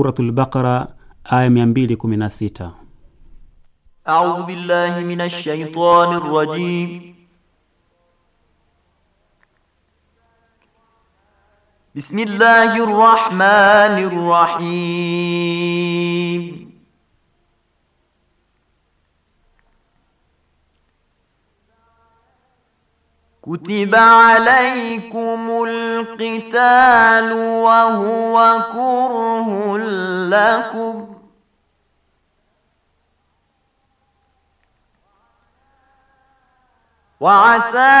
Suratul Baqara aya 216. A'udhu billahi minash shaitanir rajim. Bismillahir rahmanir rahim. كتب عليكم القتال وهو كره لكم وعسى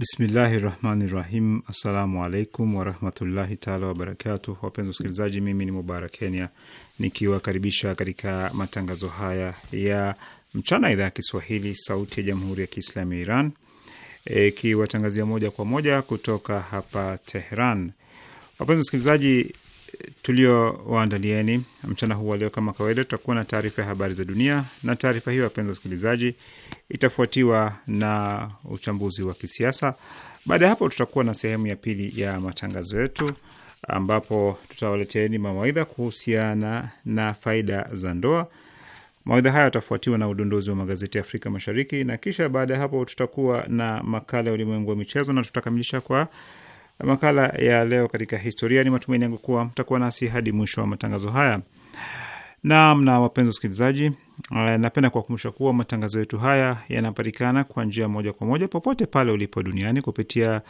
Bismillahi rahmani rahim. Assalamu alaikum warahmatullahi taala wabarakatuh. Wapenzi wasikilizaji, mimi ni Mubarak Kenya nikiwakaribisha katika matangazo haya ya mchana, idhaa ya Kiswahili sauti ya jamhuri ya Kiislamu ya Iran ikiwatangazia e, moja kwa moja kutoka hapa Tehran. Wapenzi wasikilizaji, tuliowaandalieni mchana huu waleo. Kama kawaida, tutakuwa na taarifa ya habari za dunia, na taarifa hiyo, wapenzi wasikilizaji, itafuatiwa na uchambuzi wa kisiasa. Baada ya hapo, tutakuwa na sehemu ya pili ya matangazo yetu ambapo tutawaleteeni mawaidha kuhusiana na faida za ndoa. Mawaidha hayo yatafuatiwa na udondozi wa magazeti ya Afrika Mashariki, na kisha baada ya hapo tutakuwa na makala ya ulimwengu wa michezo na tutakamilisha kwa makala ya leo katika historia. Ni matumaini yangu kuwa mtakuwa nasi hadi mwisho wa matangazo haya. Naam, na wapenzi wasikilizaji, eh, napenda kuwakumbusha kuwa matangazo yetu haya yanapatikana kwa njia moja kwa moja popote pale ulipo duniani kupitia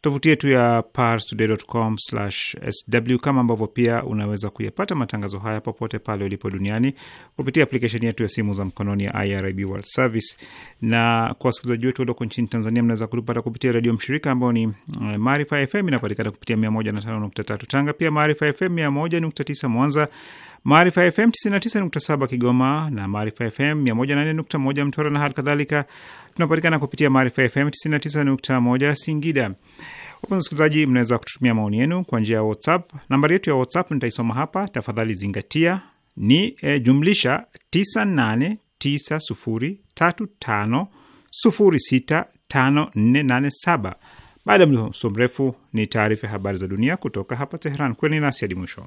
tovuti yetu ya parstoday.com/sw, kama ambavyo pia unaweza kuyapata matangazo haya popote pale ulipo duniani kupitia aplikesheni yetu ya simu za mkononi ya IRIB World Service. Na kwa wasikilizaji wetu walioko nchini Tanzania, mnaweza kutupata kupitia redio mshirika ambao ni eh, Maarifa FM, inapatikana kupitia 105.3 Tanga, pia Maarifa FM 101.9 Mwanza Maarifa FM 99.7 Kigoma na Maarifa FM 104.1 Mtwara na hali kadhalika tunapatikana kupitia Maarifa FM 99.1 Singida. Wapenzi wasikilizaji, mnaweza kututumia maoni yenu kwa njia ya WhatsApp. Nambari yetu ya WhatsApp nitaisoma hapa, tafadhali zingatia, ni e, jumlisha 989035065487. Baada ya mdoso mrefu ni taarifa ya habari za dunia kutoka hapa Teheran. Kweni nasi hadi mwisho.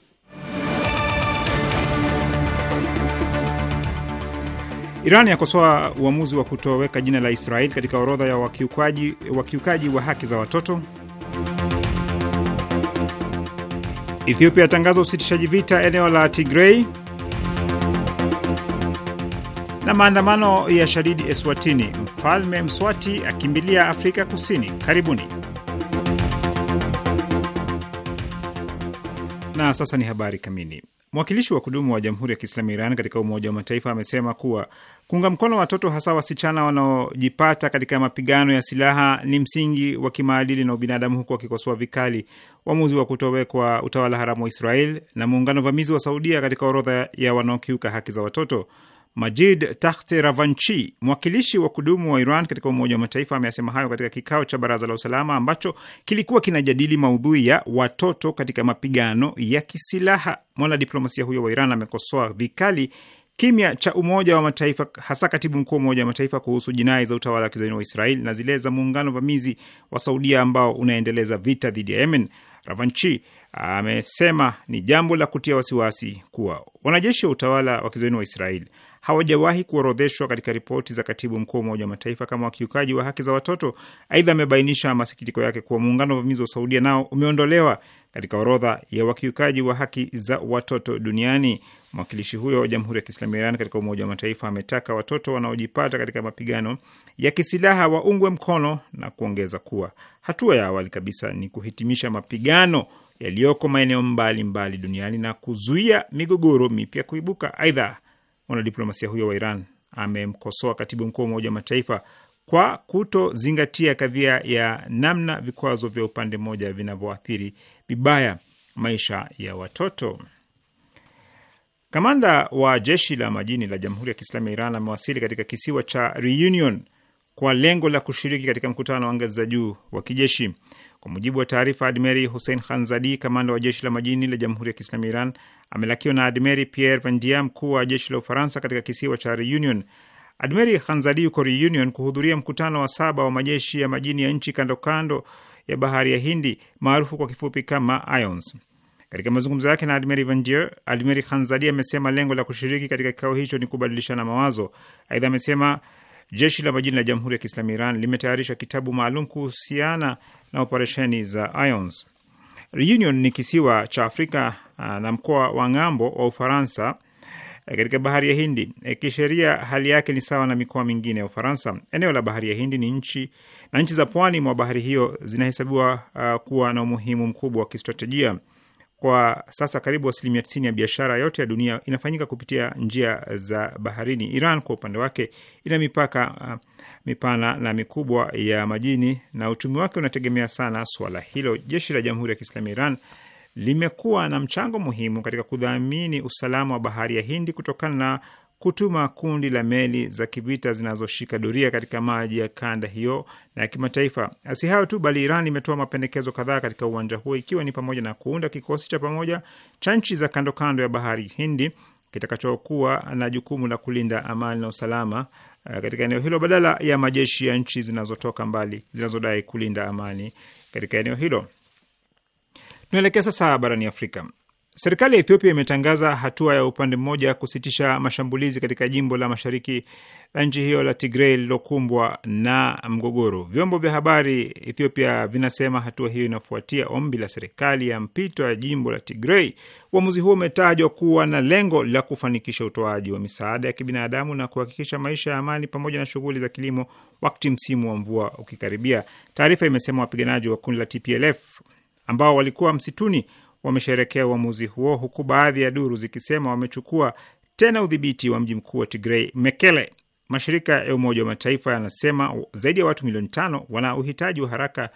Iran yakosoa uamuzi wa kutoweka jina la Israel katika orodha ya wakiukaji, wakiukaji wa haki za watoto. Ethiopia yatangaza usitishaji vita eneo la Tigrei, na maandamano ya shadidi Eswatini. Mfalme Mswati akimbilia Afrika Kusini. Karibuni na sasa ni habari kamili. Mwakilishi wa kudumu wa Jamhuri ya Kiislamu ya Iran katika Umoja wa Mataifa amesema kuwa kuunga mkono watoto hasa wasichana wanaojipata katika mapigano ya silaha ni msingi wa kimaadili na ubinadamu, huku akikosoa vikali uamuzi wa kutowekwa utawala haramu wa Israel na muungano vamizi wa Saudia katika orodha ya wanaokiuka haki za watoto. Majid Takhti Ravanchi, mwakilishi wa kudumu wa Iran katika Umoja wa Mataifa, ameyasema hayo katika kikao cha Baraza la Usalama ambacho kilikuwa kinajadili maudhui ya watoto katika mapigano ya kisilaha. Mwanadiplomasia huyo wa Iran amekosoa vikali kimya cha Umoja wa Mataifa, hasa katibu mkuu wa Umoja wa Mataifa kuhusu jinai za utawala wa kizayuni wa Israeli na zile za muungano vamizi wa Saudia ambao unaendeleza vita dhidi ya Yemen. Ravanchi amesema ni jambo la kutia wasiwasi kuwa wanajeshi wa utawala wa kizayuni wa Israeli hawajawahi kuorodheshwa katika ripoti za katibu mkuu wa Umoja wa Mataifa kama wakiukaji wa haki za watoto. Aidha, amebainisha masikitiko yake kuwa muungano wa uvamizi wa Saudia nao umeondolewa katika orodha ya wakiukaji wa haki za watoto duniani. Mwakilishi huyo wa Jamhuri ya Kiislamu ya Iran katika Umoja wa Mataifa ametaka watoto wanaojipata katika mapigano ya kisilaha waungwe mkono na kuongeza kuwa hatua ya awali kabisa ni kuhitimisha mapigano yaliyoko maeneo mbalimbali duniani na kuzuia migogoro mipya kuibuka. Aidha, mwanadiplomasia huyo wa Iran amemkosoa katibu mkuu wa Umoja wa Mataifa kwa kutozingatia kadhia ya namna vikwazo vya upande mmoja vinavyoathiri vibaya maisha ya watoto. Kamanda wa jeshi la majini la Jamhuri ya Kiislamu ya Iran amewasili katika kisiwa cha Reunion kwa lengo la kushiriki katika mkutano wa ngazi za juu wa kijeshi. Kwa mujibu wa taarifa, Admeri Hussein Khanzadi, kamanda wa jeshi la majini la Jamhuri ya Kiislamu ya Iran, amelakiwa na Admeri Pierre Vandia, mkuu wa jeshi la Ufaransa katika kisiwa cha Reunion. Admeri Khanzadi yuko Reunion kuhudhuria mkutano wa saba wa majeshi ya majini ya nchi kando kando ya bahari ya Hindi maarufu kwa kifupi kama IONS. Katika mazungumzo yake na Admeri Vandier, Admeri Khanzadi amesema lengo la kushiriki katika kikao hicho ni kubadilishana mawazo. Aidha amesema jeshi la majini la Jamhuri ya Kiislamu Iran limetayarisha kitabu maalum kuhusiana na operesheni za IONS. Reunion ni kisiwa cha Afrika Ah, na mkoa wa ng'ambo wa Ufaransa eh, katika bahari ya Hindi. Eh, kisheria hali yake ni sawa na mikoa mingine ya Ufaransa. Eneo la bahari ya Hindi ni nchi na nchi za pwani mwa bahari hiyo zinahesabiwa uh, kuwa na umuhimu mkubwa wa kistratejia. Kwa sasa karibu asilimia tisini ya biashara yote ya dunia inafanyika kupitia njia za baharini. Iran kwa upande wake ina mipaka uh, mipana na mikubwa ya majini na uchumi wake unategemea sana swala hilo. Jeshi la Jamhuri ya Kiislamu ya Iran limekuwa na mchango muhimu katika kudhamini usalama wa bahari ya Hindi kutokana na kutuma kundi la meli za kivita zinazoshika doria katika maji ya kanda hiyo na ya kimataifa. Si hayo tu, bali Iran imetoa mapendekezo kadhaa katika uwanja huo, ikiwa ni pamoja na kuunda kikosi cha pamoja cha nchi za kando kando ya bahari Hindi kitakachokuwa na jukumu la kulinda amani na usalama eh, katika eneo hilo badala ya majeshi ya nchi zinazotoka mbali zinazodai kulinda amani katika eneo hilo. Tunaelekea sasa barani Afrika. Serikali ya Ethiopia imetangaza hatua ya upande mmoja kusitisha mashambulizi katika jimbo la mashariki la nchi hiyo la Tigrei lililokumbwa na mgogoro. Vyombo vya habari Ethiopia vinasema hatua hiyo inafuatia ombi la serikali ya mpito ya jimbo la Tigrei. Uamuzi huo umetajwa kuwa na lengo la kufanikisha utoaji wa misaada ya kibinadamu na kuhakikisha maisha ya amani pamoja na shughuli za kilimo wakati msimu wa mvua ukikaribia. Taarifa imesema wapiganaji wa kundi la TPLF ambao walikuwa msituni wamesherekea uamuzi huo, huku baadhi ya duru zikisema wamechukua tena udhibiti wa mji mkuu wa Tigrei, Mekele. Mashirika ya Umoja wa Mataifa yanasema zaidi ya watu milioni tano wana uhitaji wa haraka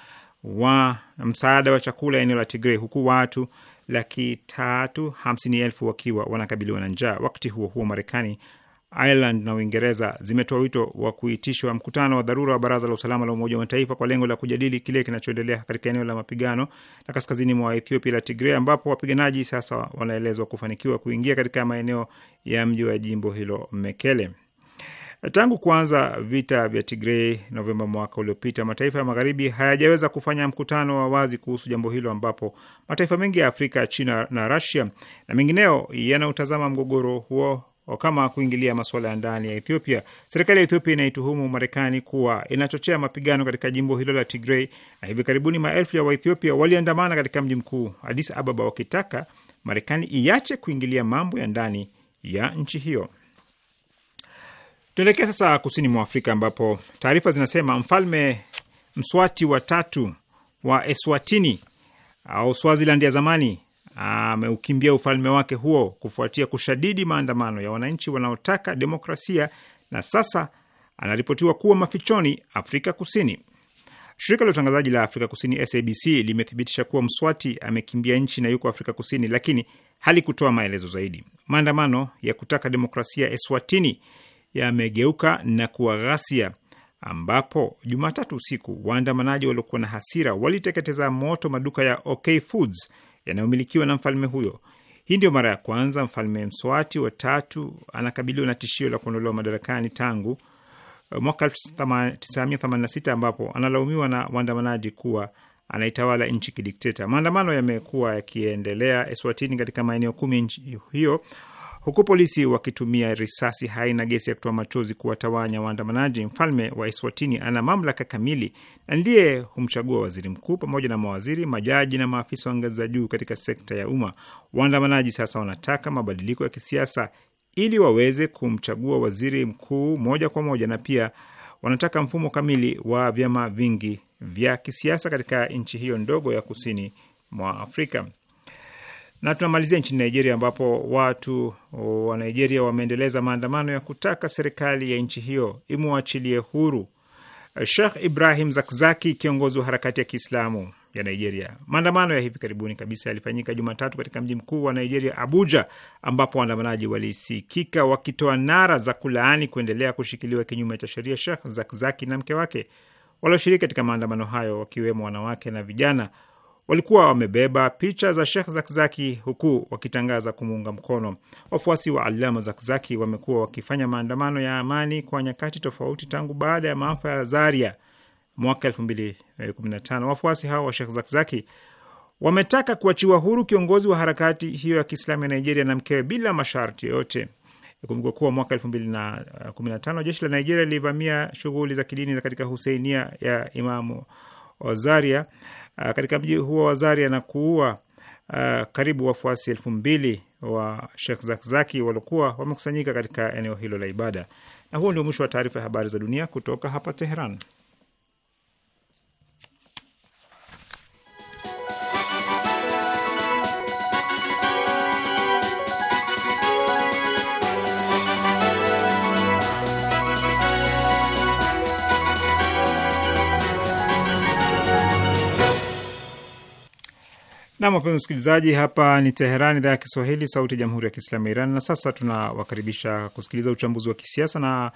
wa msaada wa chakula eneo la Tigrei, huku watu laki tatu hamsini elfu wakiwa wanakabiliwa na njaa. Wakati huo huo, Marekani Ireland na Uingereza zimetoa wito wa kuitishwa mkutano wa dharura wa Baraza la Usalama la Umoja wa Mataifa kwa lengo la kujadili kile kinachoendelea katika eneo la mapigano la kaskazini mwa Ethiopia la Tigray, ambapo wapiganaji sasa wanaelezwa kufanikiwa kuingia katika maeneo ya mji wa jimbo hilo Mekele. Tangu kuanza vita vya Tigray Novemba mwaka uliopita, mataifa ya magharibi hayajaweza kufanya mkutano wa wazi kuhusu jambo hilo, ambapo mataifa mengi ya Afrika, China na Russia na mengineo yanaotazama mgogoro huo kama kuingilia masuala ya ndani ya Ethiopia. Serikali ya Ethiopia inaituhumu Marekani kuwa inachochea mapigano katika jimbo hilo la Tigray, na hivi karibuni maelfu ya Waethiopia waliandamana katika mji mkuu Addis Ababa wakitaka Marekani iache kuingilia mambo ya ndani ya nchi hiyo. Tuelekee sasa kusini mwa Afrika ambapo taarifa zinasema mfalme Mswati wa tatu wa Eswatini au Swaziland ya zamani ameukimbia ufalme wake huo kufuatia kushadidi maandamano ya wananchi wanaotaka demokrasia na sasa anaripotiwa kuwa mafichoni Afrika Kusini. Shirika la utangazaji la Afrika Kusini SABC limethibitisha kuwa Mswati amekimbia nchi na yuko Afrika Kusini, lakini halikutoa maelezo zaidi. Maandamano ya kutaka demokrasia Eswatini yamegeuka na kuwa ghasia, ambapo Jumatatu usiku waandamanaji waliokuwa na hasira waliteketeza moto maduka ya OK Foods yanayomilikiwa na mfalme huyo. Hii ndiyo mara ya kwanza mfalme Mswati wa tatu anakabiliwa na tishio la kuondolewa madarakani tangu eh, mwaka 1986 ambapo analaumiwa na waandamanaji kuwa anaitawala nchi kidikteta. Maandamano yamekuwa yakiendelea Eswatini katika maeneo kumi nchi hiyo huku polisi wakitumia risasi hai na gesi ya kutoa machozi kuwatawanya waandamanaji. Mfalme wa Eswatini ana mamlaka kamili na ndiye humchagua waziri mkuu pamoja na mawaziri, majaji na maafisa wa ngazi za juu katika sekta ya umma. Waandamanaji sasa wanataka mabadiliko ya kisiasa ili waweze kumchagua waziri mkuu moja kwa moja, na pia wanataka mfumo kamili wa vyama vingi vya kisiasa katika nchi hiyo ndogo ya kusini mwa Afrika. Na tunamalizia nchini Nigeria ambapo watu wa Nigeria wameendeleza maandamano ya kutaka serikali ya nchi hiyo imwachilie huru Sheikh Ibrahim Zakzaki, kiongozi wa harakati ya Kiislamu ya Nigeria. Maandamano ya hivi karibuni kabisa yalifanyika Jumatatu katika mji mkuu wa Nigeria, Abuja, ambapo waandamanaji walisikika wakitoa nara za kulaani kuendelea kushikiliwa kinyume cha sheria Sheikh Zakzaki na mke wake. Walioshiriki katika maandamano hayo wakiwemo wanawake na vijana walikuwa wamebeba picha za Shekh Zakzaki huku wakitangaza kumuunga mkono. Wafuasi wa Alama Zakzaki wamekuwa wakifanya maandamano ya amani kwa nyakati tofauti tangu baada ya maafa ya Zaria mwaka 2015. Eh, Wafuasi hao wa Shekh Zakzaki wametaka kuachiwa huru kiongozi wa harakati hiyo ya Kiislamu ya Nigeria na mkewe bila masharti yoyote. Kumbuka kuwa mwaka eh, tano jeshi la Nigeria lilivamia shughuli za kidini katika Huseinia ya Imamu wa Zaria ah, katika mji huo wa Zaria na kuua uh, karibu wafuasi elfu mbili wa Sheikh Zakzaki waliokuwa wamekusanyika katika eneo hilo la ibada. Na huo ndio mwisho wa taarifa ya habari za dunia kutoka hapa Teheran. Nam, wapenzi msikilizaji, hapa ni Teheran, idhaa ya Kiswahili, sauti ya jamhuri ya kiislamu ya Iran. Na sasa tunawakaribisha kusikiliza uchambuzi wa kisiasa, na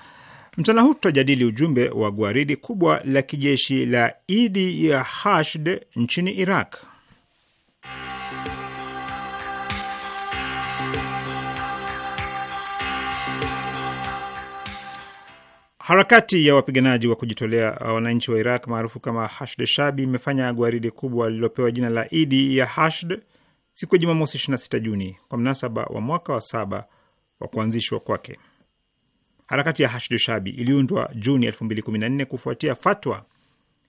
mchana huu tutajadili ujumbe wa gwaridi kubwa la kijeshi la Idi ya Hashd nchini Iraq. Harakati ya wapiganaji wa kujitolea uh, wananchi wa Iraq maarufu kama Hashd Shabi imefanya gwaridi kubwa lililopewa jina la Idi ya Hashd siku ya Jumamosi 26 Juni kwa mnasaba wa mwaka wa saba wa kuanzishwa kwake. Harakati ya Hashd Shabi iliundwa Juni 2014 kufuatia fatwa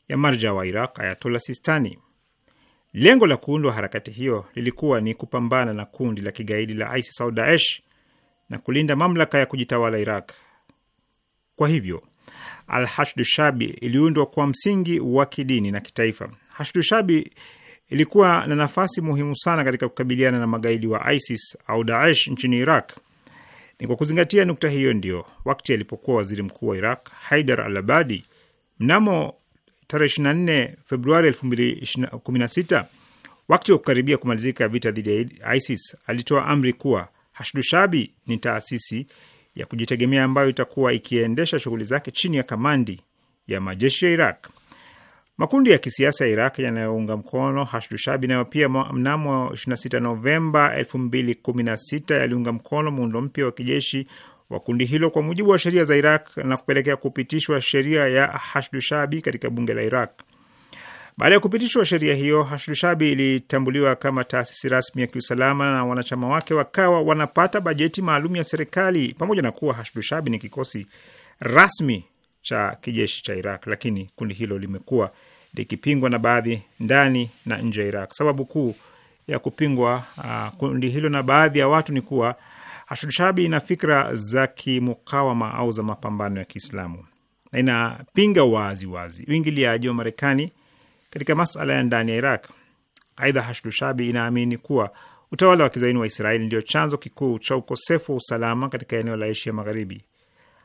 ya marja wa Iraq Ayatollah Sistani. Lengo la kuundwa harakati hiyo lilikuwa ni kupambana na kundi la kigaidi la ISIS au Daesh na kulinda mamlaka ya kujitawala Iraq kwa hivyo Al Shabi iliundwa kwa msingi wa kidini na kitaifa. Hashdu Shabi ilikuwa na nafasi muhimu sana katika kukabiliana na magaidi wa ISIS au Daesh nchini Iraq. Ni kwa kuzingatia nukta hiyo ndio wakati alipokuwa waziri mkuu wa Iraq Haidar Al Abadi mnamo tarehe 24 Februari 2016 wakati wa kukaribia kumalizika vita dhidi ya ISIS alitoa amri kuwa Shabi ni taasisi ya kujitegemea ambayo itakuwa ikiendesha shughuli zake chini ya kamandi ya majeshi ya Iraq. Makundi ya kisiasa ya Iraq yanayounga mkono Hashdu Shabi nayo pia mnamo 26 Novemba 2016 yaliunga mkono muundo mpya wa kijeshi wa kundi hilo kwa mujibu wa sheria za Iraq na kupelekea kupitishwa sheria ya Hashdu Shabi katika bunge la Iraq. Baada ya kupitishwa sheria hiyo, Hashdushabi ilitambuliwa kama taasisi rasmi ya kiusalama na wanachama wake wakawa wanapata bajeti maalum ya serikali. Pamoja na kuwa Hashdushabi ni kikosi rasmi cha kijeshi cha Iraq, lakini kundi hilo limekuwa likipingwa na baadhi ndani na nje ya Iraq. Sababu kuu ya kupingwa uh, kundi hilo na baadhi ya watu ni kuwa Hashdushabi ina fikra za kimukawama au za mapambano ya Kiislamu na inapinga wazi wazi uingiliaji wa Marekani katika masala ya ndani ya Iraq. Aidha, Hashdushabi inaamini kuwa utawala wa kizaini wa Israeli ndio chanzo kikuu cha ukosefu wa usalama katika eneo la Asia Magharibi.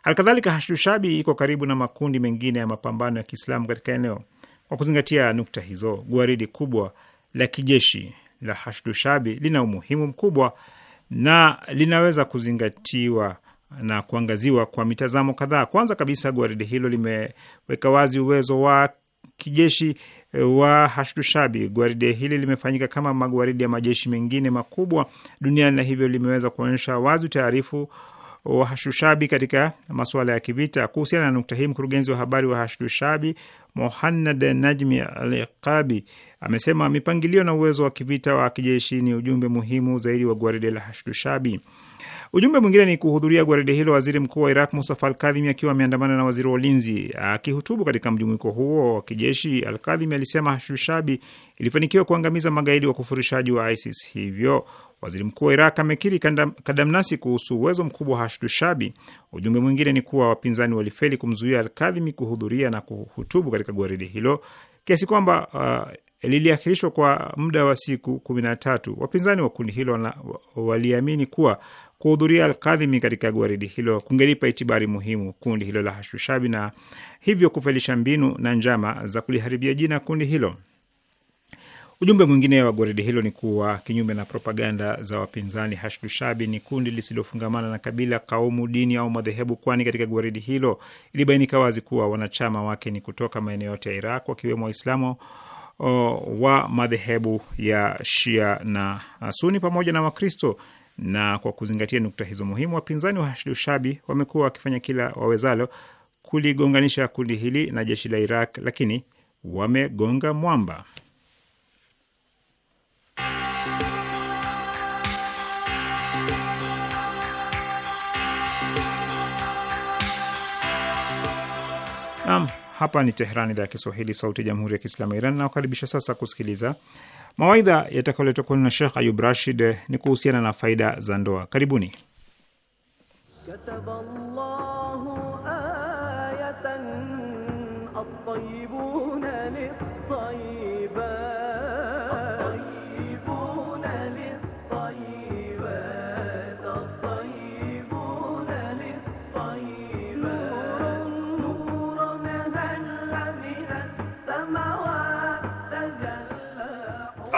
Halikadhalika, Hashdushabi iko karibu na makundi mengine ya mapambano ya Kiislamu katika eneo. Kwa kuzingatia nukta hizo, gwaridi kubwa la kijeshi la Hashdushabi lina umuhimu mkubwa na linaweza kuzingatiwa na kuangaziwa kwa mitazamo kadhaa. Kwanza kabisa, gwaridi hilo limeweka wazi uwezo wa kijeshi wa Hashdushabi. Gwaride hili limefanyika kama magwaridi ya majeshi mengine makubwa duniani na hivyo limeweza kuonyesha wazi utaarifu wa katika masuala ya kivita. Kuhusiana na nukta hii, mkurugenzi wa habari wa Hashushabi Mohannad Najmi Alqabi amesema mipangilio na uwezo wa kivita wa kijeshi ni ujumbe muhimu zaidi wa gwaride la Hashushabi. Ujumbe mwingine ni kuhudhuria gwaride hilo waziri mkuu wa Iraq Mustafa Alkadhimi akiwa ameandamana na waziri wa ulinzi. Akihutubu katika mjumuiko huo wa kijeshi, Alkadhimi alisema Hashushabi ilifanikiwa kuangamiza magaidi wa kufurishaji wa ISIS, hivyo Waziri mkuu wa Iraq amekiri kadamnasi kuhusu uwezo mkubwa wa Hashdushabi. Ujumbe mwingine ni kuwa wapinzani walifeli kumzuia Alkadhimi kuhudhuria na kuhutubu katika gwaridi hilo kiasi kwamba uh, liliahirishwa kwa muda wa siku kumi na tatu. Wapinzani wa kundi hilo waliamini kuwa kuhudhuria Alkadhimi katika gwaridi hilo kungelipa itibari muhimu kundi hilo la Hashdushabi na hivyo kufelisha mbinu na njama za kuliharibia jina kundi hilo. Ujumbe mwingine wa gwaridi hilo ni kuwa kinyume na propaganda za wapinzani, Hashdu Shabi ni kundi lisilofungamana na kabila, kaumu, dini au madhehebu, kwani katika gwaridi hilo ilibainika wazi kuwa wanachama wake ni kutoka maeneo yote ya Iraq, wakiwemo Waislamu wa madhehebu ya Shia na Suni pamoja na Wakristo. Na kwa kuzingatia nukta hizo muhimu, wapinzani wa Hashdu Shabi wamekuwa wakifanya kila wawezalo kuligonganisha kundi hili na jeshi la Iraq, lakini wamegonga mwamba. Naam, hapa ni Teherani, idhaa ya Kiswahili, sauti ya jamhuri ya kiislamu ya Iran. Nawakaribisha sasa kusikiliza mawaidha yatakayoletwa kwenu na Shekh Ayub Rashid ni kuhusiana na faida za ndoa. Karibuni.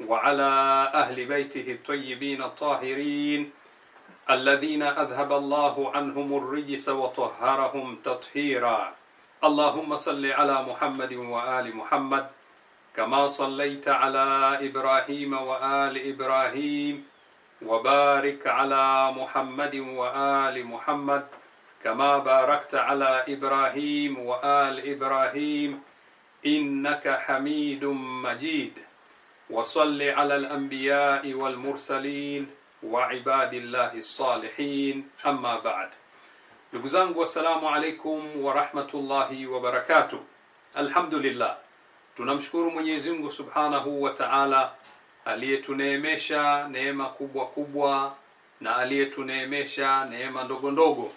وعلى أهل بيته الطيبين الطاهرين الذين أذهب الله عنهم الرجس وطهرهم تطهيرا اللهم صل على محمد وآل محمد كما صليت على إبراهيم وآل إبراهيم وبارك على محمد وآل محمد كما باركت على إبراهيم وآل إبراهيم إنك حميد مجيد وصل على الأنبياء والمرسلين وعباد الله الصالحين أما بعد ndugu zangu assalamu alaikum wa rahmatullahi wa barakatuh alhamdulillah tunamshukuru mwenyezi mungu subhanahu wa taala aliyetuneemesha neema kubwa kubwa na aliyetuneemesha neema ndogo ndogo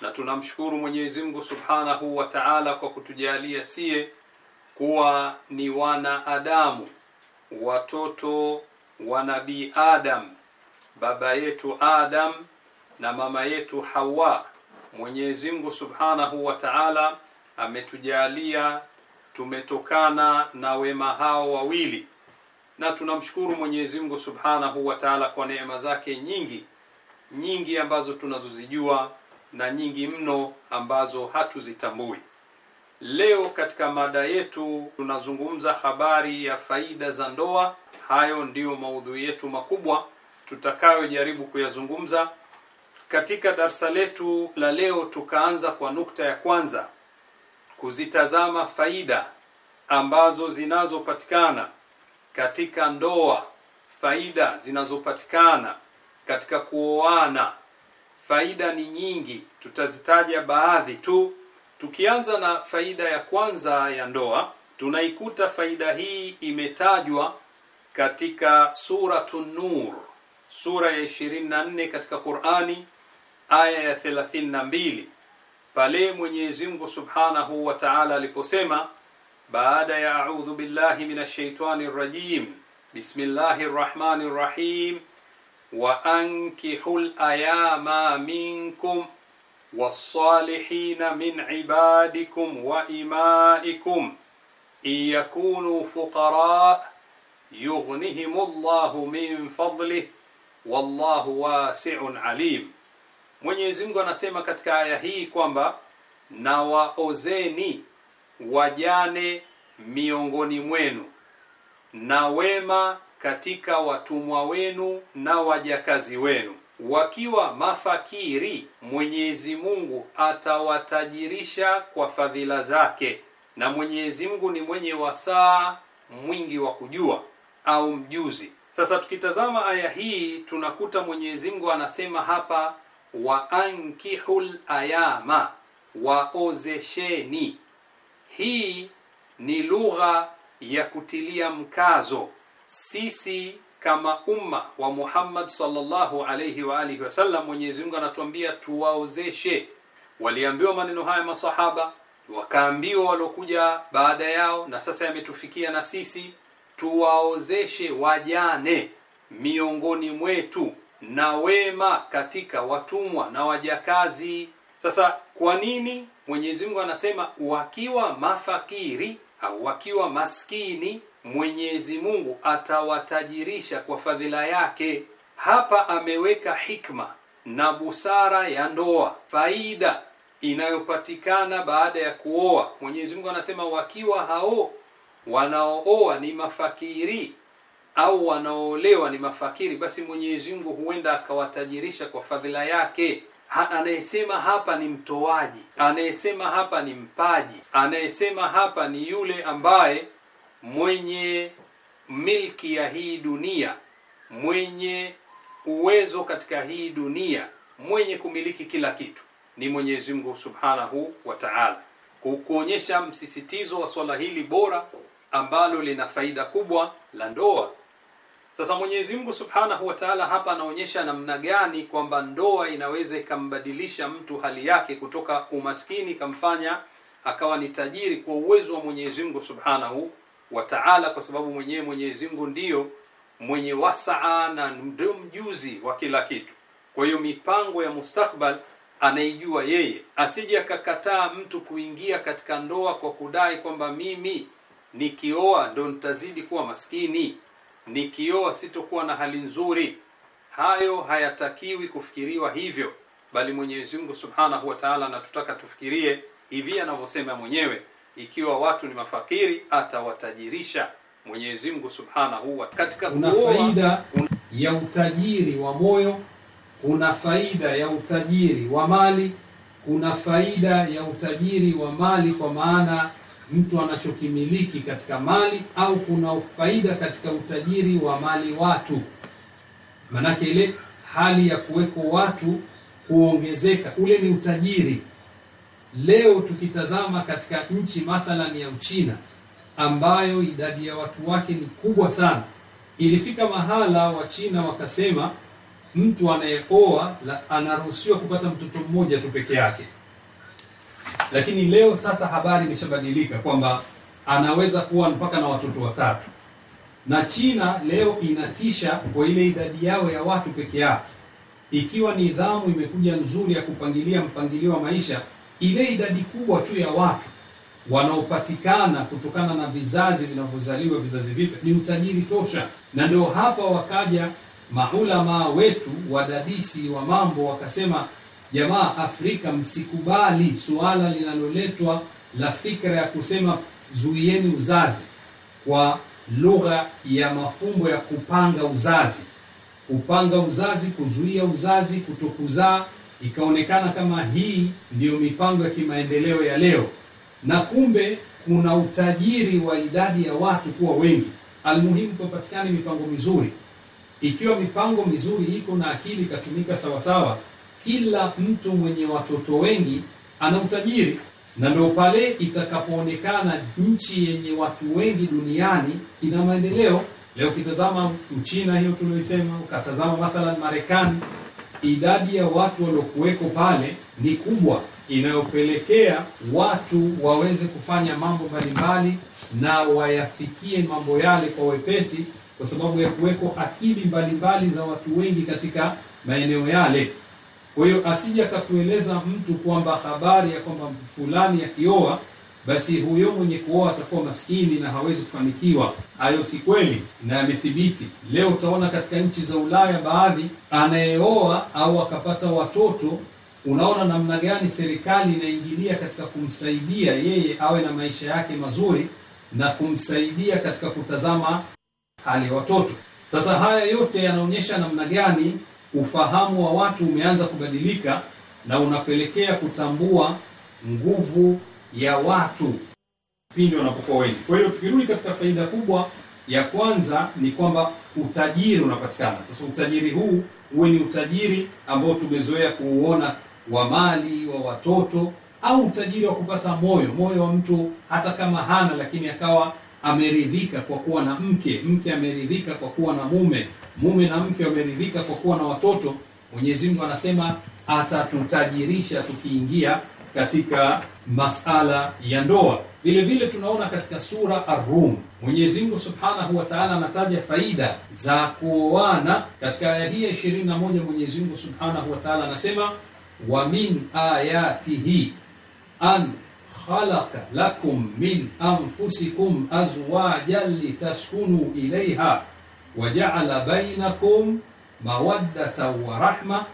na tunamshukuru mwenyezi mungu subhanahu wa taala kwa kutujalia sie kuwa ni wanaadamu watoto wa nabii Adam baba yetu Adam na mama yetu Hawa. Mwenyezi Mungu Subhanahu wa Ta'ala ametujalia tumetokana na wema hao wawili, na tunamshukuru Mwenyezi Mungu Subhanahu wa Ta'ala kwa neema zake nyingi nyingi ambazo tunazozijua na nyingi mno ambazo hatuzitambui. Leo katika mada yetu tunazungumza habari ya faida za ndoa. Hayo ndiyo maudhui yetu makubwa tutakayojaribu kuyazungumza katika darsa letu la leo. Tukaanza kwa nukta ya kwanza, kuzitazama faida ambazo zinazopatikana katika ndoa, faida zinazopatikana katika kuoana. Faida ni nyingi, tutazitaja baadhi tu Tukianza na faida ya kwanza ya ndoa, tunaikuta faida hii imetajwa katika suratu Nur, sura ya 24 katika Qur'ani, aya ya 32 pale Mwenyezi Mungu Subhanahu wa Ta'ala aliposema baada ya a'udhu billahi minash shaitani rajim bismillahir rahmanir rahim wa ankihul ayama minkum والصالحين من عبادكم وإمائكم إن يكونوا فقراء يغنهم الله من فضله wallahu wasi'un alim Mwenyezi Mungu anasema katika aya hii kwamba nawaozeni wajane miongoni mwenu na wema katika watumwa wenu na wajakazi wenu wakiwa mafakiri Mwenyezi Mungu atawatajirisha kwa fadhila zake, na Mwenyezi Mungu ni mwenye wasaa mwingi wa kujua au mjuzi. Sasa tukitazama aya hii tunakuta Mwenyezi Mungu anasema hapa, wa ankihul ayama, waozesheni. Hii ni lugha ya kutilia mkazo. Sisi kama umma wa Muhammad sallallahu alayhi wa alihi wasallam, Mwenyezi Mungu anatuambia tuwaozeshe. Waliambiwa maneno haya masahaba, wakaambiwa waliokuja baada yao, na sasa yametufikia na sisi, tuwaozeshe wajane miongoni mwetu na wema katika watumwa na wajakazi. Sasa kwa nini Mwenyezi Mungu anasema wakiwa mafakiri au wakiwa maskini Mwenyezi Mungu atawatajirisha kwa fadhila yake. Hapa ameweka hikma na busara ya ndoa, faida inayopatikana baada ya kuoa. Mwenyezi Mungu anasema wakiwa hao wanaooa ni mafakiri au wanaoolewa ni mafakiri, basi Mwenyezi Mungu huenda akawatajirisha kwa fadhila yake. Ha, anayesema hapa ni mtoaji, anayesema hapa ni mpaji, anayesema hapa ni yule ambaye mwenye milki ya hii dunia, mwenye uwezo katika hii dunia, mwenye kumiliki kila kitu ni Mwenyezi Mungu Subhanahu wa Ta'ala. kuonyesha msisitizo wa swala hili bora ambalo lina faida kubwa la ndoa. Sasa Mwenyezi Mungu Subhanahu wa Ta'ala hapa anaonyesha namna gani kwamba ndoa inaweza ikambadilisha mtu hali yake kutoka umaskini ikamfanya akawa ni tajiri kwa uwezo wa Mwenyezi Mungu Subhanahu wa taala kwa sababu mwenyewe Mwenyezi Mungu ndiyo mwenye wasaa na ndio mjuzi wa kila kitu kwa hiyo mipango ya mustakbal anaijua yeye asije akakataa mtu kuingia katika ndoa kwa kudai kwamba mimi nikioa ndo nitazidi kuwa maskini nikioa sitokuwa na hali nzuri hayo hayatakiwi kufikiriwa hivyo bali Mwenyezi Mungu Subhanahu wa Ta'ala anatutaka tufikirie hivi anavyosema mwenyewe ikiwa watu ni mafakiri atawatajirisha Mwenyezi Mungu Subhanahu wa katika kuna faida ya utajiri wa moyo, kuna faida ya utajiri wa mali, kuna faida ya utajiri wa mali kwa maana mtu anachokimiliki katika mali, au kuna faida katika utajiri wa mali watu, maanake ile hali ya kuweko watu kuongezeka, ule ni utajiri. Leo tukitazama katika nchi mathalan ya Uchina ambayo idadi ya watu wake ni kubwa sana, ilifika mahala wa china wakasema mtu anayeoa anaruhusiwa kupata mtoto mmoja tu peke yake. Lakini leo sasa habari imeshabadilika kwamba anaweza kuwa mpaka na watoto watatu, na China leo inatisha kwa ile idadi yao ya watu peke yake, ikiwa nidhamu imekuja nzuri ya kupangilia mpangilio wa maisha ile idadi kubwa tu ya watu wanaopatikana kutokana na vizazi vinavyozaliwa vizazi vipya ni utajiri tosha, na ndio hapa wakaja maulamaa wetu wadadisi wa mambo wakasema, jamaa Afrika, msikubali suala linaloletwa la fikra ya kusema zuieni uzazi kwa lugha ya mafumbo ya kupanga uzazi, kupanga uzazi, kuzuia uzazi, kutokuzaa ikaonekana kama hii ndiyo mipango ya kimaendeleo ya leo, na kumbe kuna utajiri wa idadi ya watu kuwa wengi. Almuhimu kupatikana mipango mizuri. Ikiwa mipango mizuri iko na akili ikatumika sawasawa, kila mtu mwenye watoto wengi ana utajiri, na ndio pale itakapoonekana nchi yenye watu wengi duniani ina maendeleo. Leo ukitazama Uchina hiyo tuliyosema, ukatazama mathalan Marekani idadi ya watu waliokuweko pale ni kubwa inayopelekea watu waweze kufanya mambo mbalimbali na wayafikie mambo yale kwa wepesi, kwa sababu ya kuweko akili mbalimbali za watu wengi katika maeneo yale. Kwa hiyo asije akatueleza mtu kwamba habari ya kwamba fulani akioa basi huyo mwenye kuoa atakuwa maskini na hawezi kufanikiwa. Hayo si kweli na yamethibiti. Leo utaona katika nchi za Ulaya baadhi, anayeoa au akapata watoto, unaona namna gani serikali inaingilia katika kumsaidia yeye awe na maisha yake mazuri na kumsaidia katika kutazama hali ya watoto. Sasa haya yote yanaonyesha namna gani ufahamu wa watu umeanza kubadilika na unapelekea kutambua nguvu ya watu pindi wanapokuwa wengi. Kwa hiyo tukirudi katika faida kubwa ya kwanza ni kwamba utajiri unapatikana. Sasa utajiri huu uwe ni utajiri ambao tumezoea kuuona wa mali, wa watoto au utajiri wa kupata moyo, moyo wa mtu hata kama hana, lakini akawa ameridhika kwa kuwa na mke, mke ameridhika kwa kuwa na mume, mume na mke ameridhika kwa kuwa na watoto. Mwenyezi Mungu anasema atatutajirisha tukiingia katika masala ya ndoa. Vile vile tunaona katika sura Ar-Rum Subhanahu wataala anataja faida za kuoana. Katika aya hii ya 21 Mwenyezi Mungu Subhanahu wa anasema wa min ayatihi an khalaqa lakum min anfusikum azwajan litaskunu ilaiha wa ja'ala bainakum mawaddatan wa rahma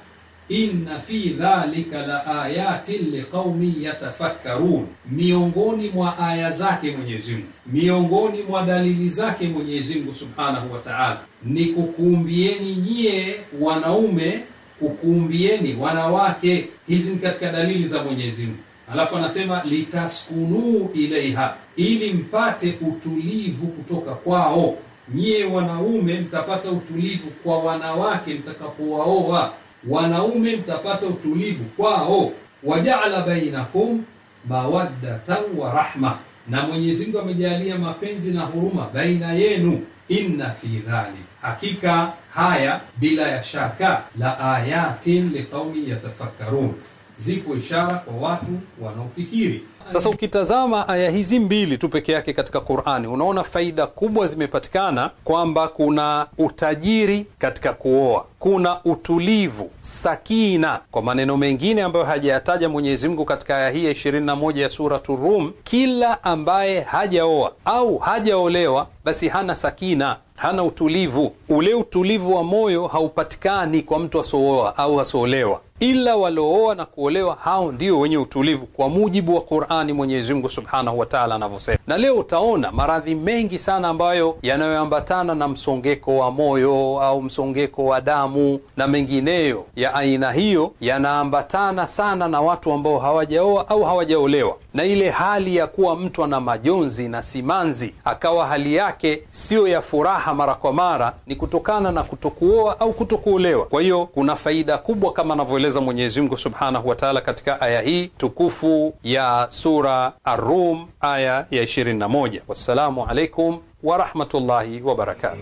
inna fi dhalika la ayatin liqaumin yatafakkarun, miongoni mwa aya zake Mwenyezi Mungu, miongoni mwa dalili zake Mwenyezi Mungu Subhanahu wa Ta'ala ni kukuumbieni nyie wanaume, kukuumbieni wanawake. Hizi ni katika dalili za Mwenyezi Mungu. Alafu anasema litaskunuu ilaiha, ili mpate utulivu kutoka kwao. Nyie wanaume mtapata utulivu kwa wanawake mtakapowaoa wanaume mtapata utulivu kwao, wajaala bainakum mawaddatan wa rahma, na Mwenyezi Mungu amejalia mapenzi na huruma baina yenu. Inna fi dhalik, hakika haya bila ya shaka, la ayatin liqaumin yatafakkarun, ziko ishara kwa watu wanaofikiri. Sasa ukitazama aya hizi mbili tu peke yake katika Qur'ani, unaona faida kubwa zimepatikana kwamba kuna utajiri katika kuoa, kuna utulivu, sakina. Kwa maneno mengine ambayo hajayataja Mwenyezi Mungu katika aya hii ya 21 ya suratu Rum, kila ambaye hajaoa au hajaolewa basi hana sakina, hana utulivu. Ule utulivu wa moyo haupatikani kwa mtu asooa au asoolewa ila walooa na kuolewa hao ndio wenye utulivu kwa mujibu wa Qur'ani, Mwenyezi Mungu Subhanahu wa Ta'ala anavyosema. Na leo utaona maradhi mengi sana ambayo yanayoambatana na msongeko wa moyo au msongeko wa damu na mengineyo ya aina hiyo yanaambatana sana na watu ambao hawajaoa au hawajaolewa na ile hali ya kuwa mtu ana majonzi na simanzi, akawa hali yake siyo ya furaha mara kwa mara, ni kutokana na kutokuoa au kutokuolewa. Kwa hiyo kuna faida kubwa kama anavyoeleza Mwenyezi Mungu subhanahu wa taala katika aya hii tukufu ya sura Ar-Rum aya ya 21. Wassalamu alaikum warahmatullahi wabarakatuh.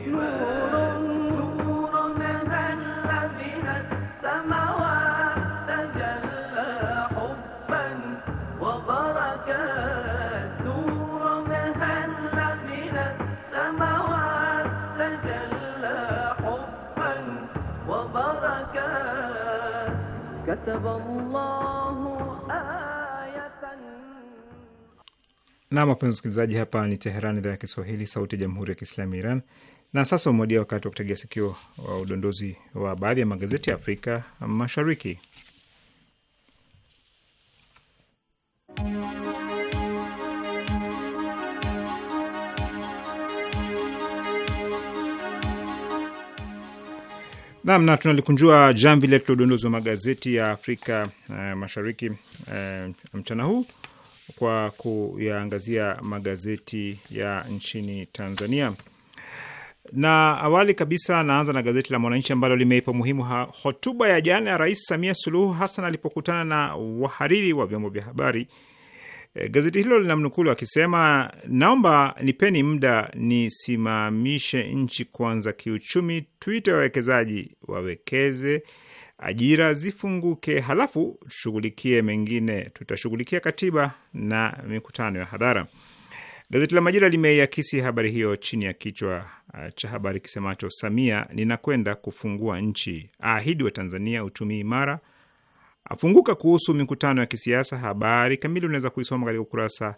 Nam, wapenzi msikilizaji, hapa ni Teheran, idhaa ya Kiswahili, sauti ya jamhuri ya kiislamu ya Iran. Na sasa umewadia wakati wa kutegea sikio wa udondozi wa baadhi ya magazeti ya Afrika Mashariki. Nam, na tunalikunjua jamvi letu la udondozi wa magazeti ya Afrika uh, Mashariki uh, mchana huu kwa kuyaangazia magazeti ya nchini Tanzania. Na awali kabisa naanza na gazeti la Mwananchi ambalo limeipa muhimu hotuba ya jana ya Rais Samia Suluhu Hassan alipokutana na wahariri wa vyombo vya habari. E, gazeti hilo linamnukulu akisema, naomba nipeni muda nisimamishe nchi kwanza kiuchumi, tuite wawekezaji wawekeze, ajira zifunguke, halafu tushughulikie mengine, tutashughulikia katiba na mikutano ya hadhara. Gazeti la Majira limeiakisi habari hiyo chini ya kichwa uh, cha habari kisemacho, Samia ninakwenda kufungua nchi, aahidi wa Tanzania uchumi imara, afunguka kuhusu mikutano ya kisiasa. Habari kamili unaweza kuisoma katika ukurasa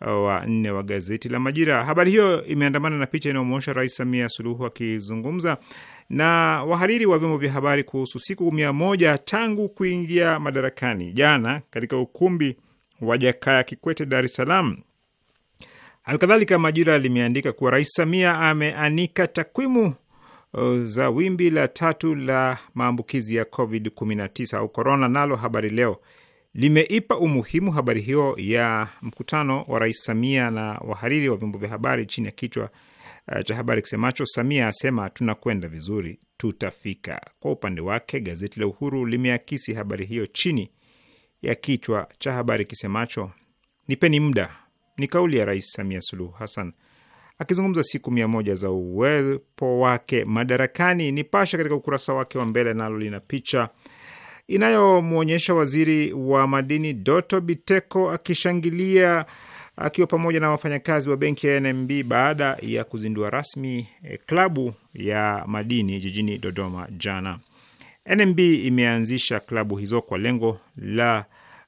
uh, wa nne wa gazeti la Majira. Habari hiyo imeandamana na picha inayomwonyesha Rais Samia Suluhu akizungumza uh, na wahariri wa vyombo vya habari kuhusu siku mia moja tangu kuingia madarakani jana katika ukumbi wa Jakaya Kikwete, Dar es Salaam. Halikadhalika, Majira limeandika kuwa Rais Samia ameanika takwimu uh, za wimbi la tatu la maambukizi ya COVID-19 au korona. Nalo Habari Leo limeipa umuhimu habari hiyo ya mkutano wa Rais Samia na wahariri wa vyombo vya habari chini ya kichwa Eh, cha habari kisemacho Samia asema tunakwenda vizuri, tutafika. Kwa upande wake gazeti la Uhuru limeakisi habari hiyo chini ya kichwa cha habari kisemacho nipeni muda. Ni kauli ya Rais Samia Suluhu Hassan akizungumza siku mia moja za uwepo wake madarakani. pasha katika ukurasa wake wa mbele nalo lina picha inayomwonyesha waziri wa madini Doto Biteko akishangilia akiwa pamoja na wafanyakazi wa benki ya NMB baada ya kuzindua rasmi eh, klabu ya madini jijini Dodoma jana. NMB imeanzisha klabu hizo kwa lengo la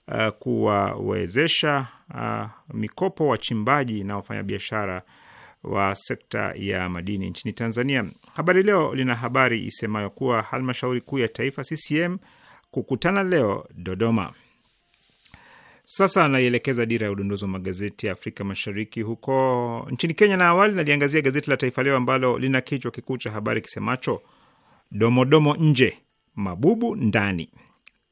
uh, kuwawezesha uh, mikopo wachimbaji na wafanyabiashara wa sekta ya madini nchini Tanzania. Habari Leo lina habari isemayo kuwa halmashauri kuu ya taifa CCM kukutana leo Dodoma. Sasa anaielekeza dira ya udondozi wa magazeti ya Afrika Mashariki huko nchini Kenya, na awali naliangazia gazeti la Taifa Leo ambalo lina kichwa kikuu cha habari kisemacho domodomo nje, mabubu ndani.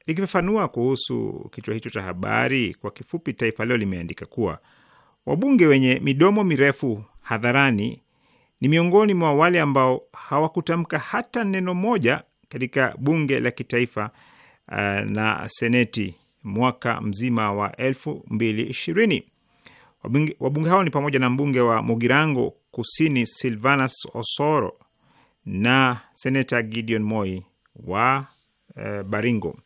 Likifafanua kuhusu kichwa hicho cha habari kwa kifupi, Taifa Leo limeandika kuwa wabunge wenye midomo mirefu hadharani ni miongoni mwa wale ambao hawakutamka hata neno moja katika bunge la kitaifa uh, na seneti mwaka mzima wa 2020. Wabunge hao ni pamoja na mbunge wa Mugirango Kusini Silvanus Osoro na seneta Gideon Moi wa e, Baringo.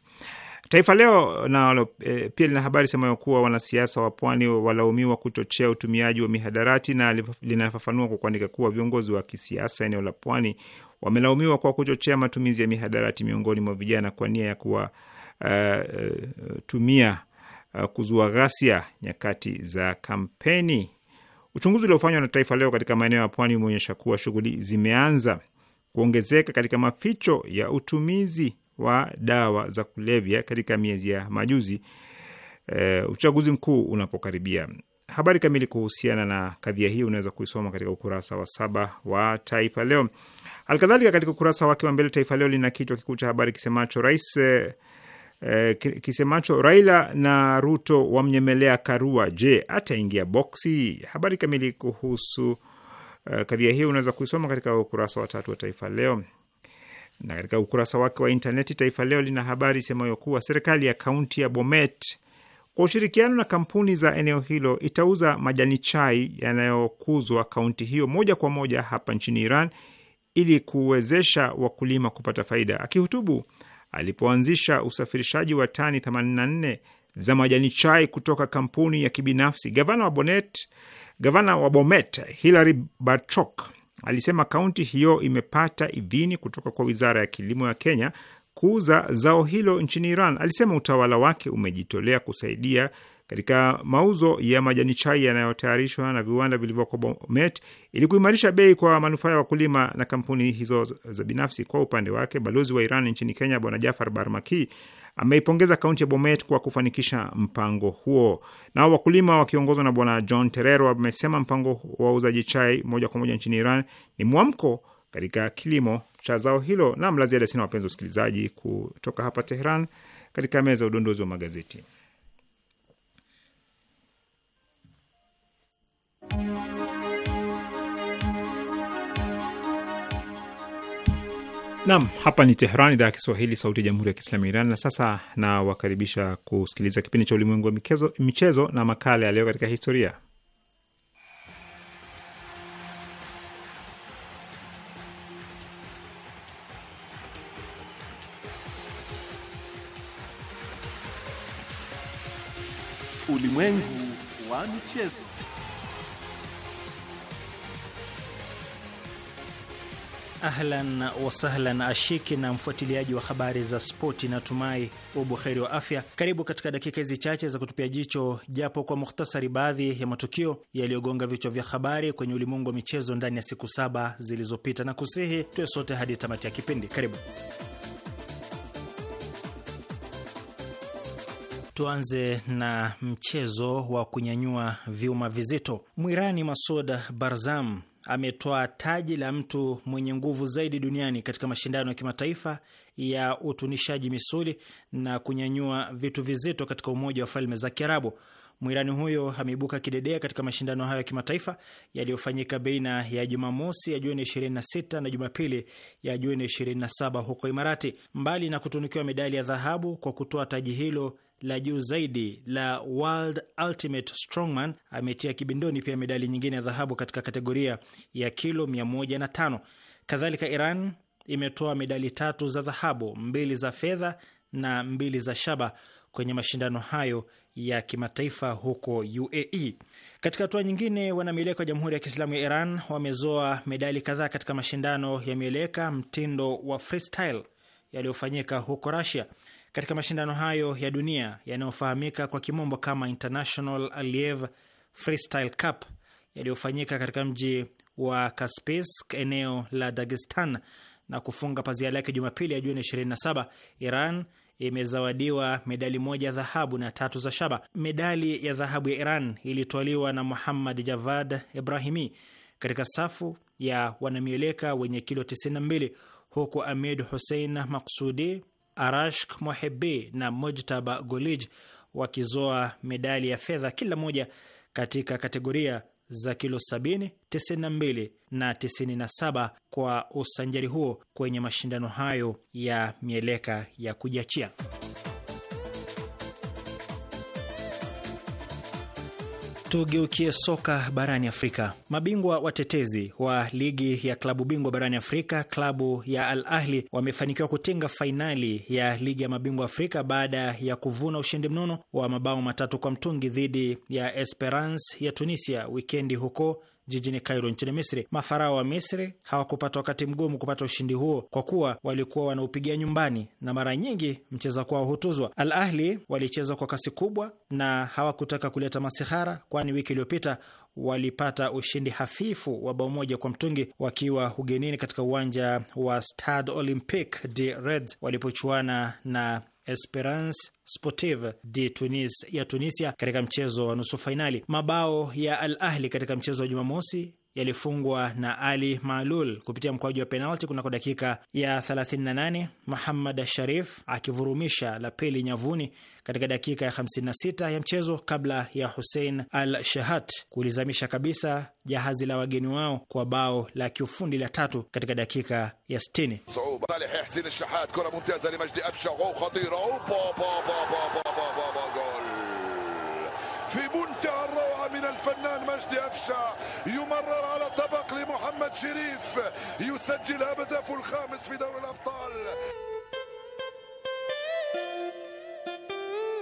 Taifa Leo na e, eh, pia lina habari semayo kuwa wanasiasa wa pwani walaumiwa kuchochea utumiaji wa mihadarati na linafafanua kwa kuandika kuwa viongozi wa kisiasa eneo la pwani wamelaumiwa kwa kuchochea matumizi ya mihadarati miongoni mwa vijana kwa nia ya kuwa uh, tumia uh, kuzua ghasia nyakati za kampeni. Uchunguzi uliofanywa na Taifa Leo katika maeneo ya pwani umeonyesha kuwa shughuli zimeanza kuongezeka katika maficho ya utumizi wa dawa za kulevya katika miezi ya majuzi, uh, uchaguzi mkuu unapokaribia. Habari kamili kuhusiana na kadhia hii unaweza kuisoma katika ukurasa wa saba wa Taifa Leo. Halikadhalika, katika ukurasa wake wa mbele Taifa Leo lina kichwa kikuu cha habari kisemacho rais eh, kisemacho Raila na Ruto wamnyemelea Karua, je, ataingia boksi? Habari kamili kuhusu eh, kadhia hiyo unaweza kuisoma katika ukurasa wa tatu wa Taifa Leo na katika ukurasa wake wa intaneti Taifa Leo lina habari isemayo kuwa serikali ya kaunti ya Bomet kwa ushirikiano na kampuni za eneo hilo itauza majani chai yanayokuzwa kaunti hiyo moja kwa moja hapa nchini Iran ili kuwezesha wakulima kupata faida. Akihutubu alipoanzisha usafirishaji wa tani 84 za majani chai kutoka kampuni ya kibinafsi. Gavana wa Bonet, gavana wa Bomet Hilary Barchok alisema kaunti hiyo imepata idhini kutoka kwa wizara ya kilimo ya Kenya kuuza zao hilo nchini Iran. Alisema utawala wake umejitolea kusaidia katika mauzo ya majani chai yanayotayarishwa na viwanda vilivyoko Bomet ili kuimarisha bei kwa manufaa ya wakulima na kampuni hizo za binafsi. Kwa upande wake, balozi wa Iran nchini Kenya Bwana Jafar Barmaki ameipongeza kaunti ya Bomet kwa kufanikisha mpango huo. Nao wakulima wakiongozwa na Bwana John Terero wamesema mpango wa uzaji chai moja kwa moja nchini Iran ni mwamko katika kilimo cha zao hilo. Na mlaziada sina, wapenzi wasikilizaji, kutoka hapa Tehran katika meza ya udondozi wa magazeti. Nam, hapa ni Tehran, idhaa ya Kiswahili, sauti ya jamhuri ya kiislamu ya Iran. Na sasa nawakaribisha kusikiliza kipindi cha ulimwengu wa michezo, michezo na makala yaliyo katika historia. Ulimwengu wa michezo. Ahlan wasahlan ashiki na mfuatiliaji wa habari za spoti, natumai ubuheri wa afya. Karibu katika dakika hizi chache za kutupia jicho japo kwa muhtasari baadhi ya matukio yaliyogonga vichwa vya habari kwenye ulimwengu wa michezo ndani ya siku saba zilizopita, na kusihi tuwe sote hadi tamati ya kipindi. Karibu. Tuanze na mchezo wa kunyanyua vyuma vizito. Mwirani Masud Barzam ametoa taji la mtu mwenye nguvu zaidi duniani katika mashindano ya kimataifa ya utunishaji misuli na kunyanyua vitu vizito katika Umoja wa Falme za Kiarabu. Mwirani huyo ameibuka kidedea katika mashindano hayo ya kimataifa yaliyofanyika baina ya Jumamosi ya Juni 26 na Jumapili ya Juni 27 huko Imarati. Mbali na kutunukiwa medali ya dhahabu kwa kutoa taji hilo la juu zaidi la World Ultimate Strongman ametia kibindoni pia medali nyingine ya dhahabu katika kategoria ya kilo 105. Kadhalika, Iran imetoa medali tatu za dhahabu, mbili za fedha na mbili za shaba kwenye mashindano hayo ya kimataifa huko UAE. Katika hatua nyingine, wanamieleka wa Jamhuri ya Kiislamu ya Iran wamezoa medali kadhaa katika mashindano ya mieleka mtindo wa freestyle yaliyofanyika huko Russia katika mashindano hayo ya dunia yanayofahamika kwa kimombo kama International Aliev Freestyle Cup yaliyofanyika katika mji wa Kaspisk, eneo la Dagestan, na kufunga pazia lake Jumapili ya Juni 27, Iran imezawadiwa medali moja ya dhahabu na tatu za shaba. Medali ya dhahabu ya Iran ilitwaliwa na Muhammad Javad Ibrahimi katika safu ya wanamieleka wenye kilo 92 huku Amid Hussein Maksudi Arashk Mohebe na Mojtaba Golij wakizoa medali ya fedha kila moja katika kategoria za kilo 70, 92 na 97 kwa usanjari huo kwenye mashindano hayo ya mieleka ya kujiachia. Tugeukie soka barani Afrika. Mabingwa watetezi wa ligi ya klabu bingwa barani Afrika, klabu ya Al Ahli wamefanikiwa kutinga fainali ya ligi ya mabingwa Afrika baada ya kuvuna ushindi mnono wa mabao matatu kwa mtungi dhidi ya Esperance ya Tunisia wikendi huko jijini Cairo nchini Misri. Mafarao wa Misri hawakupata wakati mgumu kupata ushindi huo kwa kuwa walikuwa wanaupigia nyumbani na mara nyingi mcheza kwao hutuzwa. Al Ahli walicheza kwa kasi kubwa na hawakutaka kuleta masihara, kwani wiki iliyopita walipata ushindi hafifu wa bao moja kwa mtungi wakiwa ugenini katika uwanja wa Stade Olympique de Reds walipochuana na Esperance Sportive de Tunis ya Tunisia katika mchezo wa nusu fainali. Mabao ya Al Ahli katika mchezo wa Jumamosi yalifungwa na Ali Malul kupitia mkwaju wa penalti kunako dakika ya 38, Muhammad Sharif akivurumisha la pili nyavuni katika dakika ya 56 ya mchezo kabla ya Hussein Al Shahat kulizamisha kabisa jahazi la wageni wao kwa bao la kiufundi la tatu katika dakika ya 60. في منتهى الروعة من الفنان مجدي أفشا يمرر على طبق لمحمد شريف يسجل هدفه الخامس في دوري الأبطال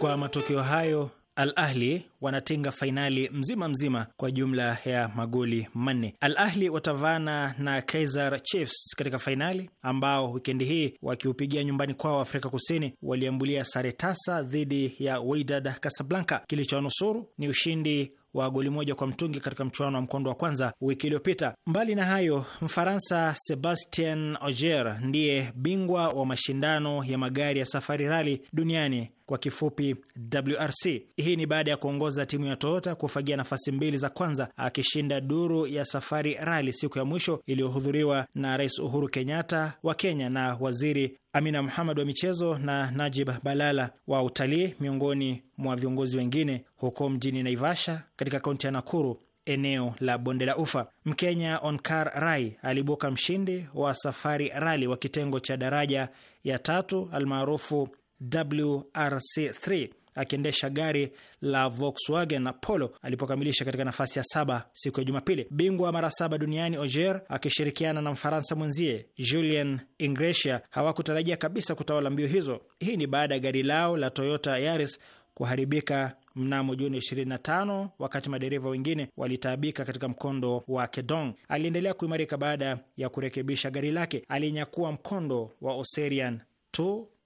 Kwa matokeo hayo Al Ahli wanatinga fainali mzima mzima kwa jumla ya magoli manne. Al Ahli watavana na Kaizer Chiefs katika fainali, ambao wikendi hii wakiupigia nyumbani kwao Afrika Kusini waliambulia sare tasa dhidi ya Wydad Casablanca. Kilichonusuru ni ushindi wa goli moja kwa mtungi katika mchuano wa mkondo wa kwanza wiki iliyopita. Mbali na hayo, Mfaransa Sebastien Ogier ndiye bingwa wa mashindano ya magari ya safari rali duniani kwa kifupi WRC. Hii ni baada ya kuongoza timu ya Toyota kufagia nafasi mbili za kwanza akishinda duru ya Safari Rali siku ya mwisho iliyohudhuriwa na Rais Uhuru Kenyatta wa Kenya na Waziri Amina Mohamed wa michezo na Najib Balala wa utalii miongoni mwa viongozi wengine huko mjini Naivasha katika kaunti ya Nakuru eneo la bonde la Ufa. Mkenya Onkar Rai aliibuka mshindi wa Safari Rali wa kitengo cha daraja ya tatu almaarufu WRC3 akiendesha gari la Volkswagen Polo alipokamilisha katika nafasi ya saba siku ya Jumapili. Bingwa mara saba duniani Ogier akishirikiana na Mfaransa mwenzie Julien Ingresia hawakutarajia kabisa kutawala mbio hizo. Hii ni baada ya gari lao la Toyota Yaris kuharibika mnamo Juni 25 wakati madereva wengine walitaabika katika mkondo wa Kedong. Aliendelea kuimarika baada ya kurekebisha gari lake. Alinyakua mkondo wa Oserian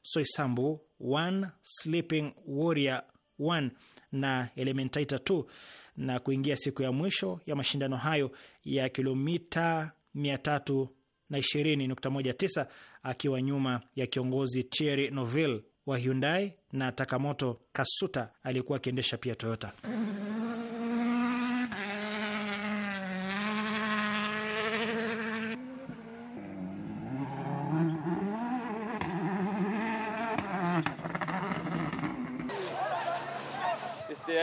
Soisambu 1, Sleeping Warrior 1 na Elementaita 2 na kuingia siku ya mwisho ya mashindano hayo ya kilomita 320.19 akiwa nyuma ya kiongozi Thierry Neuville wa Hyundai na Takamoto Kasuta aliyekuwa akiendesha pia Toyota.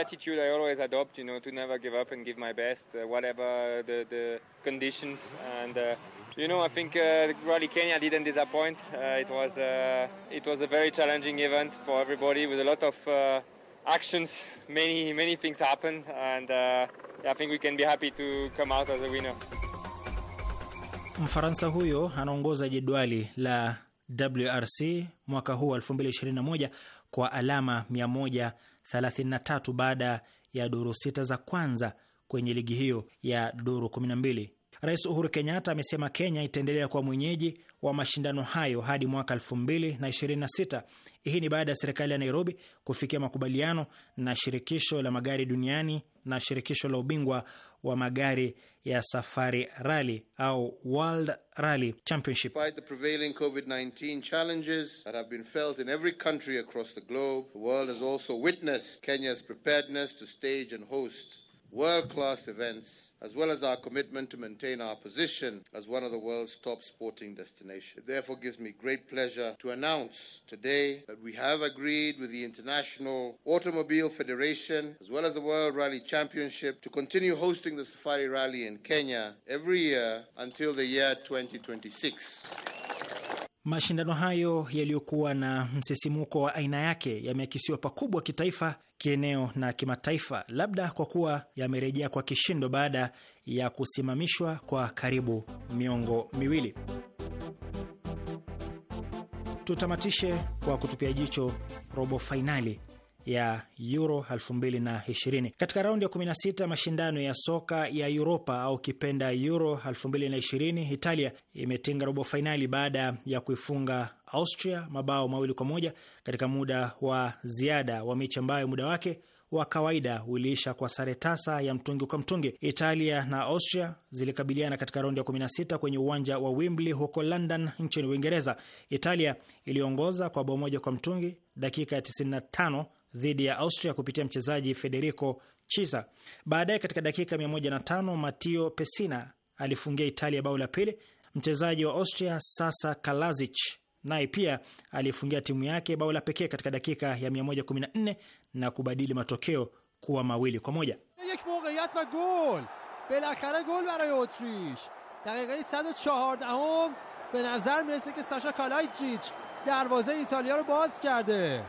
attitude I always adopt, you know, to never give up and give my best, uh, whatever the, the conditions. And uh, you know, I think uh, Rally Kenya didn't disappoint. Uh, it was uh, it was a very challenging event for everybody with a lot of uh, actions. Many many things happened, and uh, I think we can be happy to come out as a winner. Mfaransa huyo anaongoza jedwali la WRC mwaka huu 2021 kwa alama 33 baada ya duru sita za kwanza kwenye ligi hiyo ya duru 12. Rais Uhuru Kenyatta amesema Kenya itaendelea kuwa mwenyeji wa mashindano hayo hadi mwaka 2026. Hii ni baada ya serikali ya Nairobi kufikia makubaliano na shirikisho la magari duniani na shirikisho la ubingwa wa magari ya safari rally au World Rally Championship. Despite the prevailing COVID-19 challenges that have been felt in every country across the globe, the world has also witnessed Kenya's preparedness to stage and host world class events, as well as our commitment to maintain our position as one of the world's top sporting destinations. It therefore gives me great pleasure to announce today that we have agreed with the International Automobile Federation, as well as the World Rally Championship, to continue hosting the Safari Rally in Kenya every year until the year 2026. Mashindano hayo yaliyokuwa na msisimuko wa aina yake yameakisiwa pakubwa kitaifa, kieneo na kimataifa, labda kwa kuwa yamerejea kwa kishindo baada ya kusimamishwa kwa karibu miongo miwili. Tutamatishe kwa kutupia jicho robo fainali ya Euro 2020. Katika raundi ya 16 mashindano ya soka ya Uropa au kipenda Euro 2020, Italia imetinga robo fainali baada ya kuifunga Austria mabao mawili kwa moja katika muda wa ziada wa mechi ambayo muda wake wa kawaida uliisha kwa sare tasa ya mtungi kwa mtungi. Italia na Austria zilikabiliana katika raundi ya 16 kwenye uwanja wa Wembley huko London nchini Uingereza. Italia iliongoza kwa bao moja kwa mtungi dakika ya 95 dhidi ya Austria kupitia mchezaji Federico Chiesa. Baadaye katika dakika 105 Matteo Pessina alifungia Italia bao la pili. Mchezaji wa Austria sasa Kalasic naye pia alifungia timu yake bao la pekee katika dakika ya 114 na kubadili matokeo kuwa mawili kwa moja. belakhare gol baraye otrish daqiqaye 114 be nazar mirese ke sasha kalajich darvaze italiya ro baz karde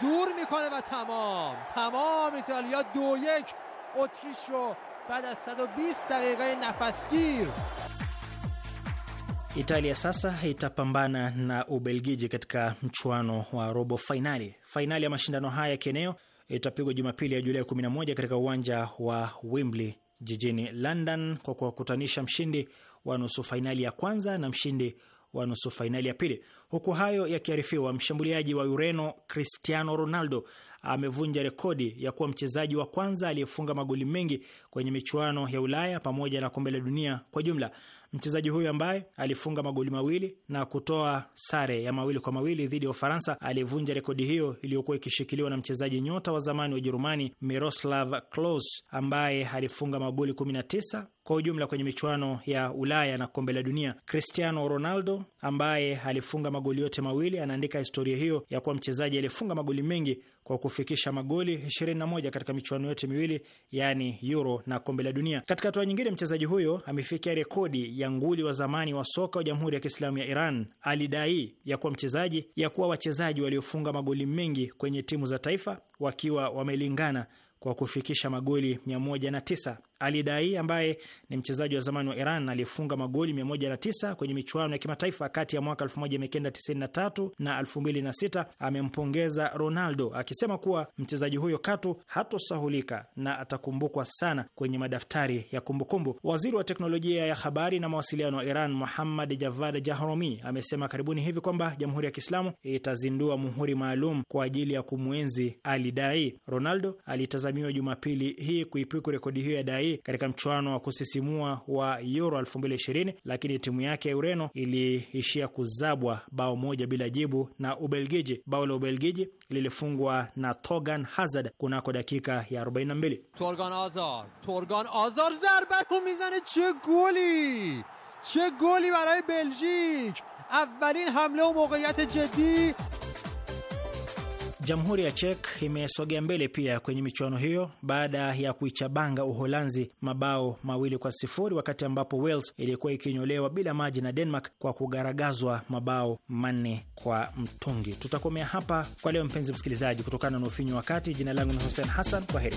دور میکنه و تمام تمام ایتالیا دو یک اتریش رو بعد از 120 دقیقه نفسگیر Italia sasa itapambana na Ubelgiji katika mchuano wa robo fainali. Fainali ya mashindano haya ya kieneo itapigwa Jumapili ya Julai 11 katika uwanja wa Wembley jijini London, kwa kuwakutanisha mshindi wa nusu fainali ya kwanza na mshindi wa nusu fainali ya pili. Huku hayo yakiarifiwa, mshambuliaji wa Ureno Cristiano Ronaldo amevunja rekodi ya kuwa mchezaji wa kwanza aliyefunga magoli mengi kwenye michuano ya Ulaya pamoja na kombe la dunia kwa jumla. Mchezaji huyo ambaye alifunga magoli mawili na kutoa sare ya mawili kwa mawili dhidi ya Ufaransa alivunja rekodi hiyo iliyokuwa ikishikiliwa na mchezaji nyota wa zamani wa Ujerumani Miroslav Klose ambaye alifunga magoli 19 kwa ujumla kwenye michuano ya Ulaya na kombe la dunia. Cristiano Ronaldo ambaye alifunga magoli yote mawili anaandika historia hiyo ya kuwa mchezaji aliyefunga magoli mengi kwa kufikisha magoli 21 katika michuano yote miwili, yani Euro na kombe la dunia. Katika hatua nyingine, mchezaji huyo amefikia rekodi nguli wa zamani wa soka wa Jamhuri ya Kiislamu ya Iran alidai ya kuwa mchezaji ya kuwa wachezaji waliofunga magoli mengi kwenye timu za taifa wakiwa wamelingana kwa kufikisha magoli 109. Ali Dai ambaye ni mchezaji wa zamani wa Iran aliyefunga magoli 109 kwenye michuano ya kimataifa kati ya mwaka 1993 na 2006 amempongeza Ronaldo akisema kuwa mchezaji huyo katu hatosahulika na atakumbukwa sana kwenye madaftari ya kumbukumbu. Waziri wa teknolojia ya habari na mawasiliano wa Iran Muhammad Javad Jahromi amesema karibuni hivi kwamba Jamhuri ya Kiislamu itazindua muhuri maalum kwa ajili ya kumwenzi Ali Dai. Ronaldo alitazamiwa Jumapili hii kuipiku rekodi hiyo ya Dai hii katika mchuano wa kusisimua wa Euro 2020 lakini timu yake ya Ureno iliishia kuzabwa bao moja bila jibu na Ubelgiji. Bao la Ubelgiji lilifungwa na Torgan Hazard kunako dakika ya 42. Torgan Hazard, Torgan Hazard zarba mizane, che goli che goli baraye Beljik, avvalin hamle o moqiyat jiddi Jamhuri ya chek imesogea mbele pia kwenye michuano hiyo baada ya kuichabanga Uholanzi mabao mawili kwa sifuri wakati ambapo Wales ilikuwa ikinyolewa bila maji na Denmark kwa kugaragazwa mabao manne kwa mtungi. Tutakomea hapa kwa leo, mpenzi msikilizaji, kutokana na ufinyu wakati. Jina langu ni Hussein Hassan, kwa heri.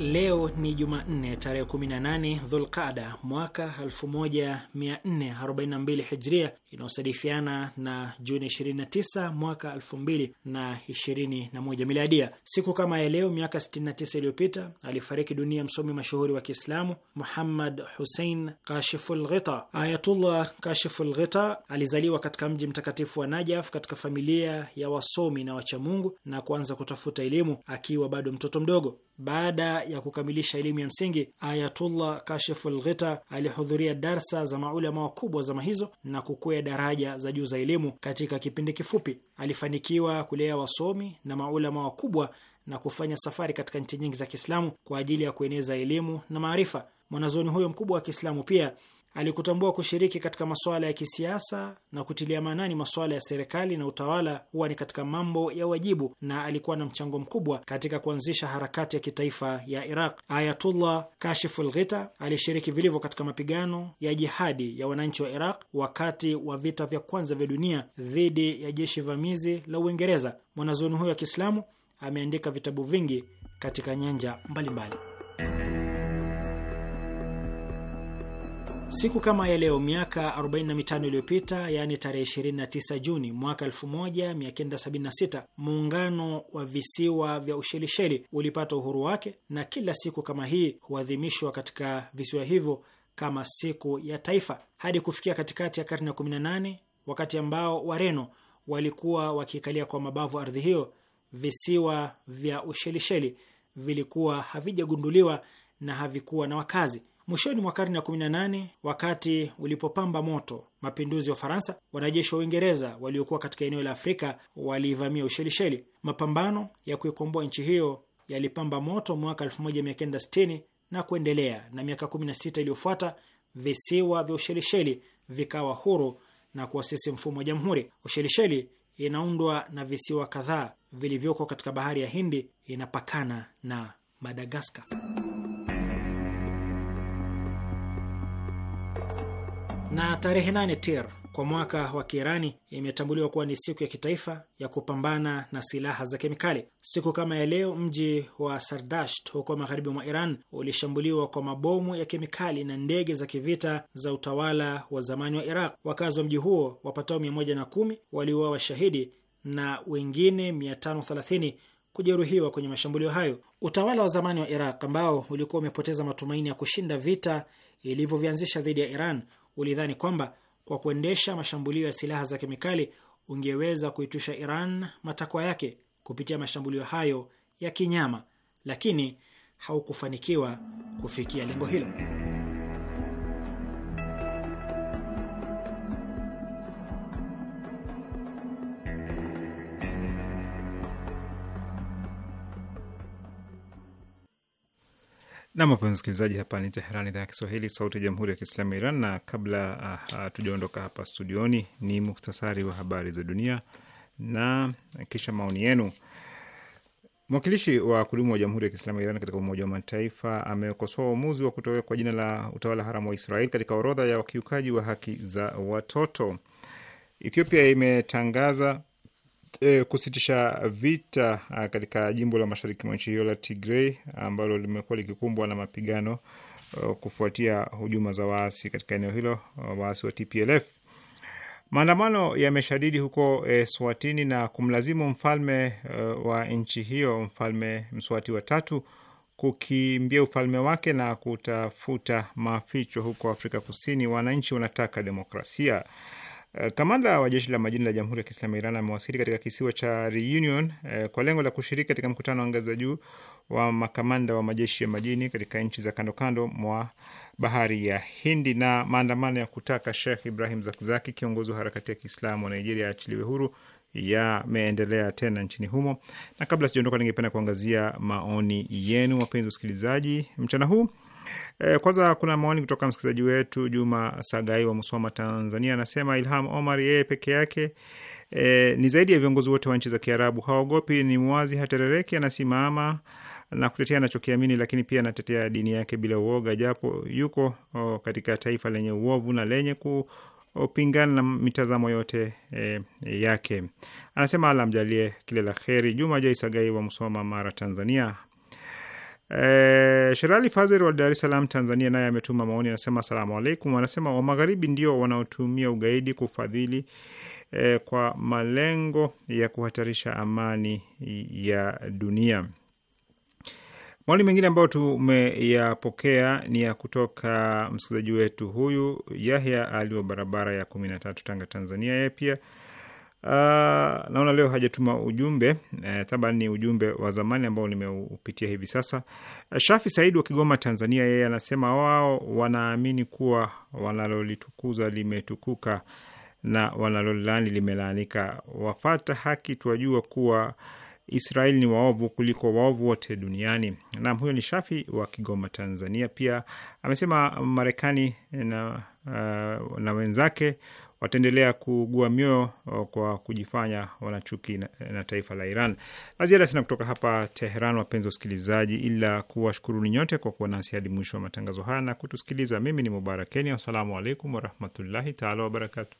Leo ni Jumanne tarehe 18 Dhulqada mwaka 1442 Hijria, inayosadifiana na Juni 29 mwaka 2021 Miladia. Siku kama ya leo miaka 69 iliyopita alifariki dunia msomi mashuhuri wa Kiislamu Muhammad Hussein Kashiful Ghita. Ayatullah Kashiful Ghita alizaliwa katika mji mtakatifu wa Najaf katika familia ya wasomi na wachamungu na kuanza kutafuta elimu akiwa bado mtoto mdogo. Baada ya kukamilisha elimu ya msingi, Ayatullah Kashiful Ghita alihudhuria darsa za maulama wakubwa zama hizo na kukwea daraja za juu za elimu katika kipindi kifupi. Alifanikiwa kulea wasomi na maulama wakubwa na kufanya safari katika nchi nyingi za Kiislamu kwa ajili ya kueneza elimu na maarifa. Mwanazuoni huyo mkubwa wa Kiislamu pia alikutambua kushiriki katika masuala ya kisiasa na kutilia maanani masuala ya serikali na utawala huwa ni katika mambo ya wajibu, na alikuwa na mchango mkubwa katika kuanzisha harakati ya kitaifa ya Iraq. Ayatullah Kashiful Ghita alishiriki vilivyo katika mapigano ya jihadi ya wananchi wa Iraq wakati wa vita vya kwanza vya dunia dhidi ya jeshi vamizi la Uingereza. Mwanazuoni huyo wa Kiislamu ameandika vitabu vingi katika nyanja mbalimbali mbali. Siku kama ya leo miaka 45 iliyopita, yaani tarehe 29 Juni mwaka 1976, muungano wa visiwa vya Ushelisheli ulipata uhuru wake, na kila siku kama hii huadhimishwa katika visiwa hivyo kama siku ya taifa hadi kufikia katikati ya karne ya 18, wakati ambao Wareno walikuwa wakiikalia kwa mabavu ardhi hiyo. Visiwa vya Ushelisheli vilikuwa havijagunduliwa na havikuwa na wakazi. Mwishoni mwa karne ya 18 wakati ulipopamba moto mapinduzi ya Ufaransa, wanajeshi wa Uingereza waliokuwa katika eneo la Afrika waliivamia Ushelisheli. Mapambano ya kuikomboa nchi hiyo yalipamba moto mwaka 1960 na kuendelea, na miaka 16 iliyofuata visiwa vya Ushelisheli vikawa huru na kuasisi mfumo wa jamhuri. Ushelisheli inaundwa na visiwa kadhaa vilivyoko katika bahari ya Hindi, inapakana na Madagaskar. Na tarehe 8 Tir kwa mwaka wa Kiirani imetambuliwa kuwa ni siku ya kitaifa ya kupambana na silaha za kemikali. Siku kama ya leo, mji wa Sardasht huko magharibi mwa Iran ulishambuliwa kwa mabomu ya kemikali na ndege za kivita za utawala wa zamani wa Iraq. Wakazi wa mji huo wapatao 110 waliuawa washahidi na wengine 530 kujeruhiwa kwenye mashambulio hayo. Utawala wa zamani wa Iraq ambao ulikuwa umepoteza matumaini ya kushinda vita ilivyovianzisha dhidi ya Iran ulidhani kwamba kwa kuendesha mashambulio ya silaha za kemikali ungeweza kuitusha Iran matakwa yake kupitia mashambulio hayo ya kinyama, lakini haukufanikiwa kufikia lengo hilo. Nam wapenzi msikilizaji, hapa ni Teheran, idhaa ya Kiswahili, sauti ya jamhuri ya kiislamu ya Iran. Na kabla ah, hatujaondoka hapa studioni, ni muktasari wa habari za dunia na kisha maoni yenu. Mwakilishi wa kudumu wa jamhuri ya kiislamu ya Iran katika Umoja wa Mataifa amekosoa uamuzi wa kutowekwa jina la utawala haramu wa Israel katika orodha ya wakiukaji wa haki za watoto. Ethiopia imetangaza e, kusitisha vita a, ah, katika jimbo la mashariki mwa nchi hiyo la Tigray ambalo limekuwa likikumbwa na mapigano a, oh, kufuatia hujuma za waasi katika eneo hilo, oh, waasi wa TPLF. Maandamano yameshadidi huko e, eh, Swatini na kumlazimu mfalme e, wa nchi hiyo, mfalme Mswati wa tatu kukimbia ufalme wake na kutafuta maficho huko Afrika Kusini. Wananchi wanataka demokrasia. Eh, kamanda wa jeshi la majini la Jamhuri ya Kiislamu ya Iran amewasili katika kisiwa cha Reunion eh, kwa lengo la kushiriki katika mkutano wa ngazi za juu wa makamanda wa majeshi ya majini katika nchi za kando kando mwa bahari ya Hindi na maandamano ya kutaka Sheikh Ibrahim Zakzaki, kiongozi wa harakati ya Kiislamu wa Nigeria, aachiliwe huru yameendelea tena nchini humo. Na kabla sijaondoka, ningependa kuangazia maoni yenu, wapenzi wasikilizaji, mchana huu E, kwanza kuna maoni kutoka msikilizaji wetu Juma Sagai wa Musoma, Tanzania. Anasema Ilham Omar yeye peke yake e, ni zaidi ya viongozi wote wa nchi za Kiarabu. Haogopi, ni mwazi, haterereki, anasimama na kutetea anachokiamini, lakini pia anatetea dini yake bila uoga, japo yuko o, katika taifa lenye uovu na lenye kupingana na mitazamo yote e, yake. Anasema alamjalie kile la kheri. Juma Jai Sagai wa Musoma, Mara, Tanzania. Eh, Sherali fazer wa Dar es Salaam, Tanzania, naye ametuma maoni, anasema asalamu alaikum. anasema wa magharibi ndio wanaotumia ugaidi kufadhili e, kwa malengo ya kuhatarisha amani ya dunia. Maoni mengine ambayo tumeyapokea ni ya kutoka msikilizaji wetu huyu Yahya Ali wa barabara ya kumi na tatu, Tanga, Tanzania. Yeye pia Ah, naona leo hajatuma ujumbe eh, taba ni ujumbe wa zamani ambao nimeupitia hivi sasa. Eh, Shafi Said wa Kigoma, Tanzania, yeye anasema wao wanaamini kuwa wanalolitukuza limetukuka na wanalolilani limelaanika. Wafata haki tuwajua kuwa Israel ni waovu kuliko waovu wote duniani. Naam, huyo ni Shafi wa Kigoma, Tanzania. Pia amesema Marekani na, uh, na wenzake wataendelea kuugua mioyo kwa kujifanya wanachuki na, na taifa la Iran. La ziada sina kutoka hapa Teheran, wapenzi wa usikilizaji, ila kuwashukuruni nyote kwa kuwa nasi hadi mwisho wa matangazo haya na kutusikiliza. Mimi ni Mubarakeni, wassalamu alaikum warahmatullahi taala wabarakatu.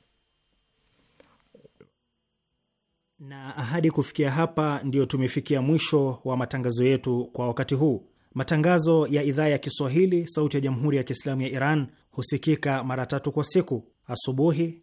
Na hadi kufikia hapa, ndio tumefikia mwisho wa matangazo yetu kwa wakati huu. Matangazo ya idhaa ya Kiswahili, Sauti ya Jamhuri ya Kiislamu ya Iran husikika mara tatu kwa siku: asubuhi